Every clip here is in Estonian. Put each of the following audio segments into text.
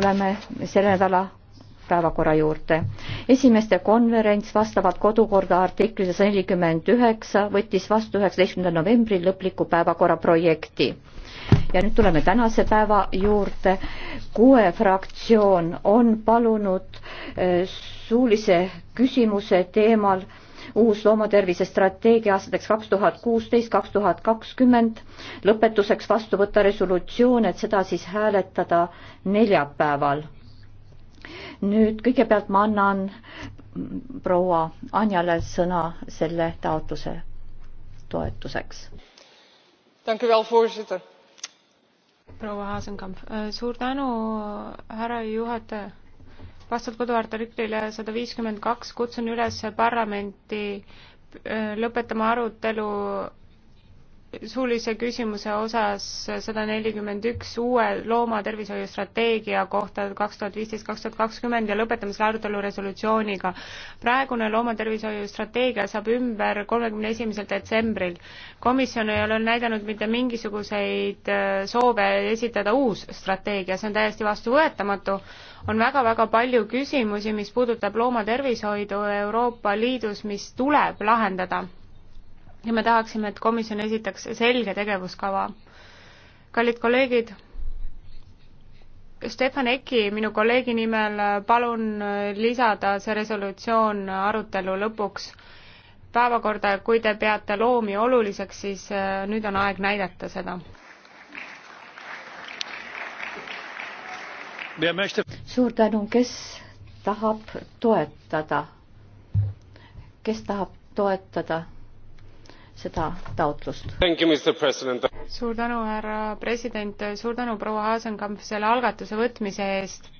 tuleme selle nädala päevakorra juurde. esimeste konverents vastavalt kodukorda artiklis sada nelikümmend üheksa võttis vastu üheksateistkümnendal novembril lõpliku päevakorra projekti. ja nüüd tuleme tänase päeva juurde. kuue fraktsioon on palunud eh, suulise küsimuse teemal uus loomatervise strateegia aastateks kaks tuhat kuusteist, kaks tuhat kakskümmend. lõpetuseks vastu võtta resolutsioon, et seda siis hääletada neljapäeval. nüüd kõigepealt ma annan proua Anjale sõna selle taotluse toetuseks. proua Haasenkamp, suur tänu, härra juhataja vastavalt koduartiklile sada viiskümmend kaks kutsun üles parlamenti äh, lõpetama arutelu suulise küsimuse osas sada nelikümmend üks uue loomatervishoiustrateegia kohta kaks tuhat viisteist kaks tuhat kakskümmend ja lõpetame selle arutelu resolutsiooniga. praegune loomatervishoiustrateegia saab ümber kolmekümne esimesel detsembril. komisjon ei ole näidanud mitte mingisuguseid äh, soove esitada uus strateegia, see on täiesti vastuvõetamatu on väga-väga palju küsimusi, mis puudutab loomatervishoidu Euroopa Liidus, mis tuleb lahendada ja me tahaksime, et komisjon esitaks selge tegevuskava. kallid kolleegid, Stefan Eki, minu kolleegi nimel palun lisada see resolutsioon arutelu lõpuks päevakorda, kui te peate loomi oluliseks, siis äh, nüüd on aeg näidata seda. suur tänu, kes tahab toetada, kes tahab toetada seda taotlust. suur tänu, härra president, suur tänu, proua Aasenkamp, selle algatuse võtmise eest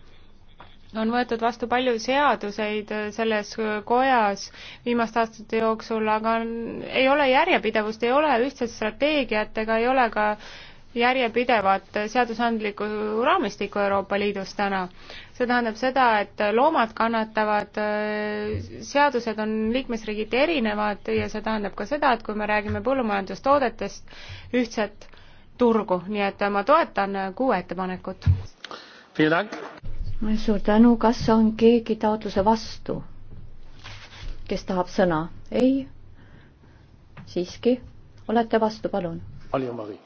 on võetud vastu palju seaduseid selles kojas viimaste aastate jooksul, aga ei ole järjepidevust, ei ole ühtset strateegiat ega ei ole ka järjepidevat seadusandlikku raamistikku Euroopa Liidus täna. see tähendab seda, et loomad kannatavad, seadused on liikmesriigiti erinevad ja see tähendab ka seda, et kui me räägime põllumajandustoodetest, ühtset turgu, nii et ma toetan kuue ettepanekut. suur tänu, kas on keegi taotluse vastu, kes tahab sõna? ei? siiski, olete vastu, palun. Aljo-Mari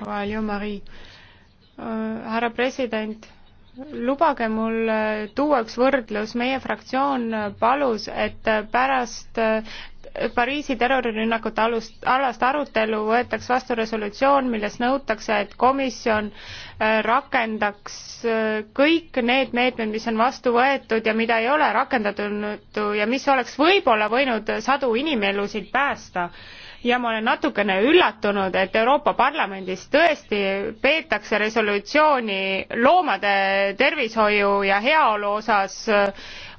Äh, härra president, lubage mul äh, tuua üks võrdlus, meie fraktsioon äh, palus, et pärast Pariisi terrorirünnakute alust, alast arutelu võetaks vastu resolutsioon, milles nõutakse, et komisjon rakendaks kõik need meetmed, mis on vastu võetud ja mida ei ole rakendatud ja mis oleks võib-olla võinud sadu inimelusid päästa ja ma olen natukene üllatunud, et Euroopa Parlamendis tõesti peetakse resolutsiooni loomade tervishoiu ja heaolu osas äh,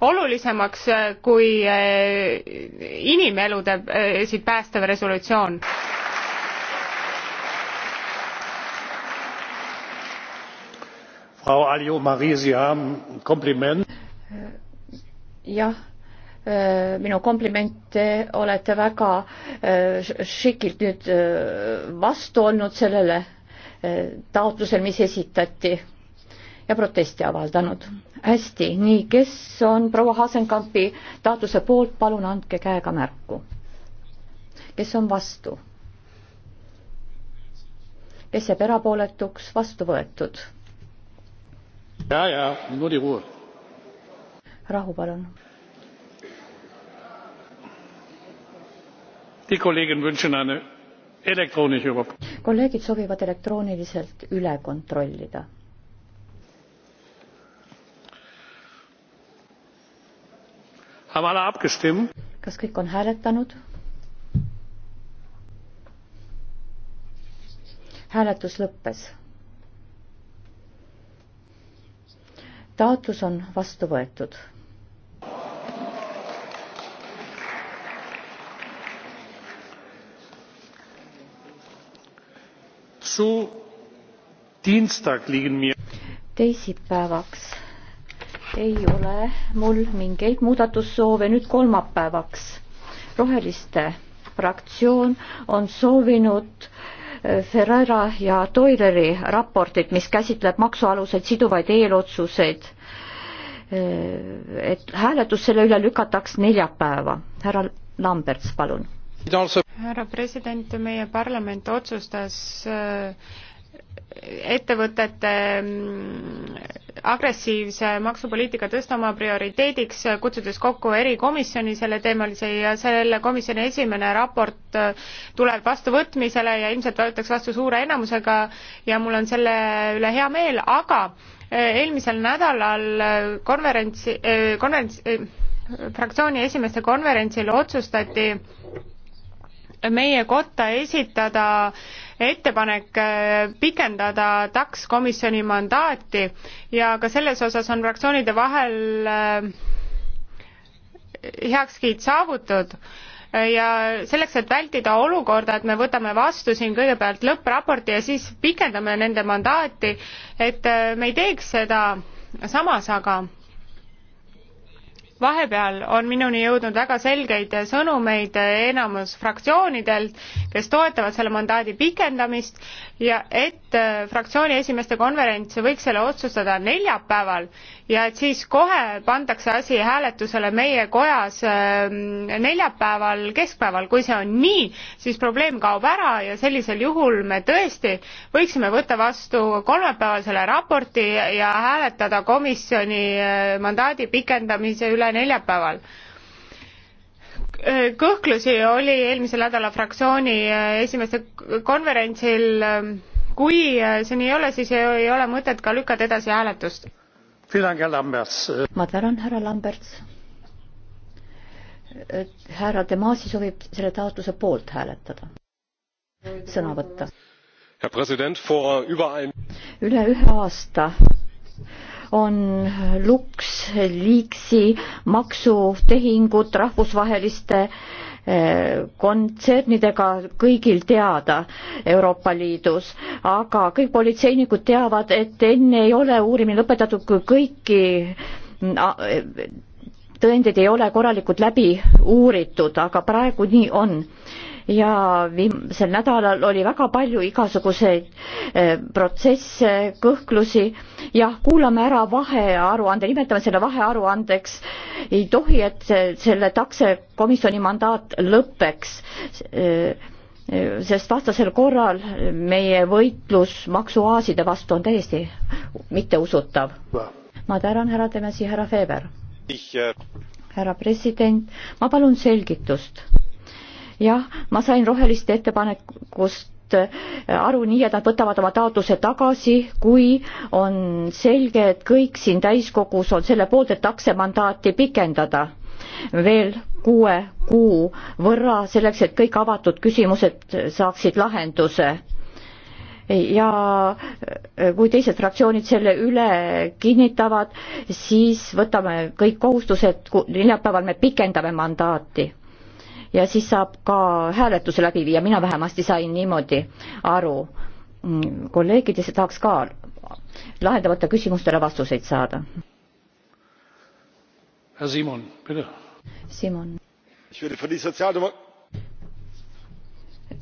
olulisemaks äh, kui äh, inimeludesid päästev resolutsioon. Frau Alio Marie, Sie haben Kompliment. jah Äh, minu komplimente, olete väga äh, šikilt nüüd äh, vastu olnud sellele taotlusel, mis esitati ja protesti avaldanud. hästi, nii, kes on proua Hasenkampi taotluse poolt, palun andke käega märku. kes on vastu? kes jääb erapooletuks, vastu võetud? ja, ja, rahu palun kolleegid soovivad elektrooniliselt üle kontrollida. kas kõik on hääletanud? hääletus lõppes. taotlus on vastu võetud teisipäevaks ei ole mul mingeid muudatussoove, nüüd kolmapäevaks. roheliste fraktsioon on soovinud äh, Ferreira ja Toileri raportit, mis käsitleb maksualuseid siduvaid eelotsuseid. Äh, et hääletus selle üle lükataks neljapäeva. härra Lamberts, palun härra president, meie parlament otsustas äh, ettevõtete mm, agressiivse maksupoliitika tõsta oma prioriteediks, kutsudes kokku erikomisjoni selleteemalise ja selle komisjoni esimene raport äh, tuleb vastuvõtmisele ja ilmselt võetakse vastu suure enamusega ja mul on selle üle hea meel, aga äh, eelmisel nädalal konverentsi, konverents, fraktsiooni esimeeste konverentsil otsustati meie kotta esitada ettepanek äh, pikendada taks komisjoni mandaati ja ka selles osas on fraktsioonide vahel äh, heakskiit saavutatud äh, ja selleks, et vältida olukorda, et me võtame vastu siin kõigepealt lõppraporti ja siis pikendame nende mandaati, et me ei teeks seda samas aga vahepeal on minuni jõudnud väga selgeid sõnumeid enamus fraktsioonidelt, kes toetavad selle mandaadi pikendamist ja et äh, fraktsiooni esimeeste konverents võiks selle otsustada neljapäeval ja et siis kohe pandakse asi hääletusele meie kojas ähm, neljapäeval keskpäeval. kui see on nii, siis probleem kaob ära ja sellisel juhul me tõesti võiksime võtta vastu kolmapäeval selle raporti ja hääletada komisjoni äh, mandaadi pikendamise üle neljapäeval kõhklusi oli eelmisel nädalal fraktsiooni äh, esimeste konverentsil. Ähm, kui äh, see nii ei ole, siis ei ole mõtet ka lükata edasi hääletust. ma tänan, härra Lamberts. härra Demasi soovib selle taotluse poolt hääletada, sõna võtta. üle ühe aasta on Lux liigsi maksutehingud rahvusvaheliste eh, kontsernidega kõigil teada Euroopa Liidus, aga kõik politseinikud teavad, et enne ei ole uurimine lõpetatud, kui kõiki mm, eh, tõendeid ei ole korralikult läbi uuritud, aga praegu nii on ja viimasel nädalal oli väga palju igasuguseid eh, protsesse, kõhklusi. jah, kuulame ära vahearuande, nimetame selle vahearuandeks. ei tohi, et selle takse komisjoni mandaat lõpeks eh, eh, sest vastasel korral meie võitlus maksuaaside vastu on täiesti mitteusutav. ma tänan, härra Temesi, härra Feber. härra president, ma palun selgitust jah, ma sain roheliste ettepanekust äh, aru nii, et nad võtavad oma taotluse tagasi, kui on selge, et kõik siin täiskogus on selle poolt, et taksemandaati pikendada veel kuue kuu võrra, selleks et kõik avatud küsimused saaksid lahenduse ja äh, kui teised fraktsioonid selle üle kinnitavad, siis võtame kõik kohustused, neljapäeval me pikendame mandaati ja siis saab ka hääletuse läbi viia, mina vähemasti sain niimoodi aru mm, kolleegides ja tahaks ka lahendavate küsimustele vastuseid saada. Simon, Simon.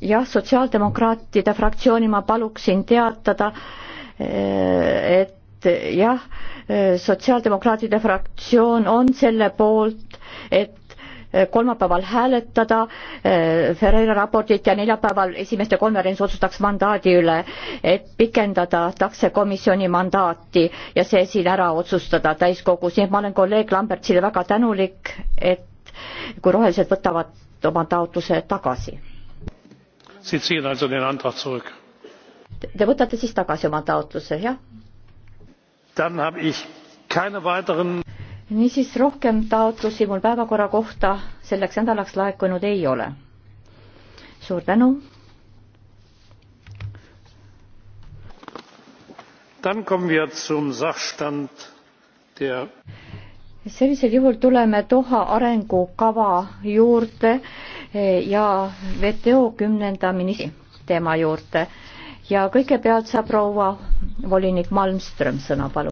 jah, sotsiaaldemokraatide fraktsiooni ma paluksin teatada, eh, et jah, eh, sotsiaaldemokraatide fraktsioon on selle poolt, et Eh, kolmapäeval hääletada eh, Ferreira raportit ja neljapäeval esimeste konverents otsustaks mandaadi üle, et pikendada taksekomisjoni mandaati ja see siin ära otsustada täiskogus, nii et ma olen kolleeg Lambertsile väga tänulik, et kui rohelised võtavad oma taotluse tagasi. Te võtate siis tagasi oma taotluse, jah? Dann habe ich keine weiteren niisiis, rohkem taotlusi mul päevakorra kohta selleks nädalaks laekunud ei ole. suur tänu. Der... sellisel juhul tuleme Doha arengukava juurde ja WTO kümnenda ministri teema juurde ja kõigepealt saab proua volinik Malmström sõna, palun.